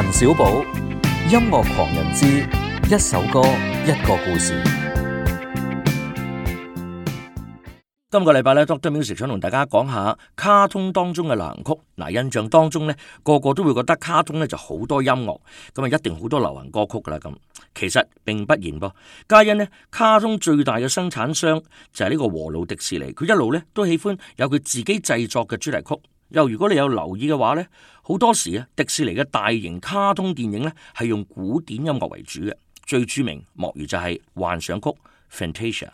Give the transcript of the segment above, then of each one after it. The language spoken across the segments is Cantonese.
陳少寶，音樂狂人之一首歌一個故事。今個禮拜咧，當對面嘅時候想同大家講下卡通當中嘅流行曲。嗱、啊，印象當中咧，個個都會覺得卡通咧就好多音樂，咁啊一定好多流行歌曲噶啦。咁其實並不然噃。皆因咧，卡通最大嘅生產商就係呢個和路迪士尼，佢一路咧都喜歡有佢自己製作嘅主題曲。又如果你有留意嘅話呢，好多時啊，迪士尼嘅大型卡通電影呢係用古典音樂為主嘅，最著名莫如就係幻想曲 Fantasia。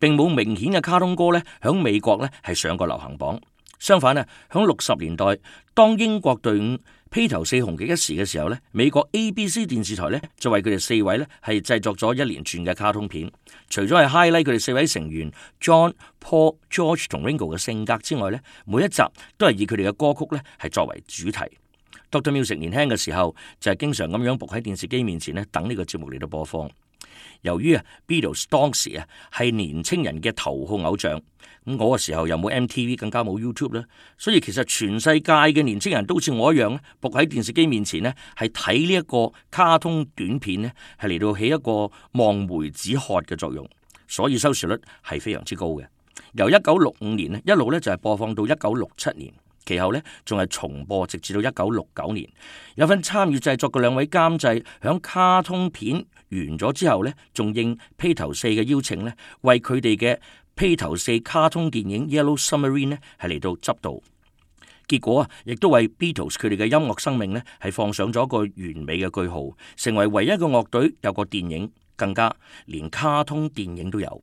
並冇明顯嘅卡通歌呢，喺美國呢係上過流行榜。相反啊，喺六十年代，當英國隊伍披頭四紅極一時嘅時候咧，美國 A B C 電視台咧就為佢哋四位咧係製作咗一連串嘅卡通片。除咗係 highlight 佢哋四位成員 John、Paul、George 同 Ringo 嘅性格之外咧，每一集都係以佢哋嘅歌曲咧係作為主題。Doctor Music 年輕嘅時候就係、是、經常咁樣伏喺電視機面前咧等呢個節目嚟到播放。由於啊 Beatles 當時啊係年青人嘅頭號偶像，咁嗰個時候又冇 MTV，更加冇 YouTube 啦，所以其實全世界嘅年青人都似我一樣呢，伏喺電視機面前呢，係睇呢一個卡通短片呢，係嚟到起一個望梅止渴嘅作用，所以收視率係非常之高嘅。由一九六五年呢，一路呢就係播放到一九六七年。其後咧，仲係重播，直至到一九六九年。有份參與製作嘅兩位監製，響卡通片完咗之後咧，仲應披頭四嘅邀請咧，為佢哋嘅披頭四卡通電影《Yellow Submarine》咧，係嚟到執導。結果啊，亦都為 Beatles 佢哋嘅音樂生命咧，係放上咗一個完美嘅句號，成為唯一嘅樂隊有個電影，更加連卡通電影都有。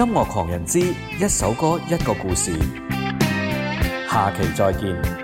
音樂狂人之一首歌，一個故事，下期再見。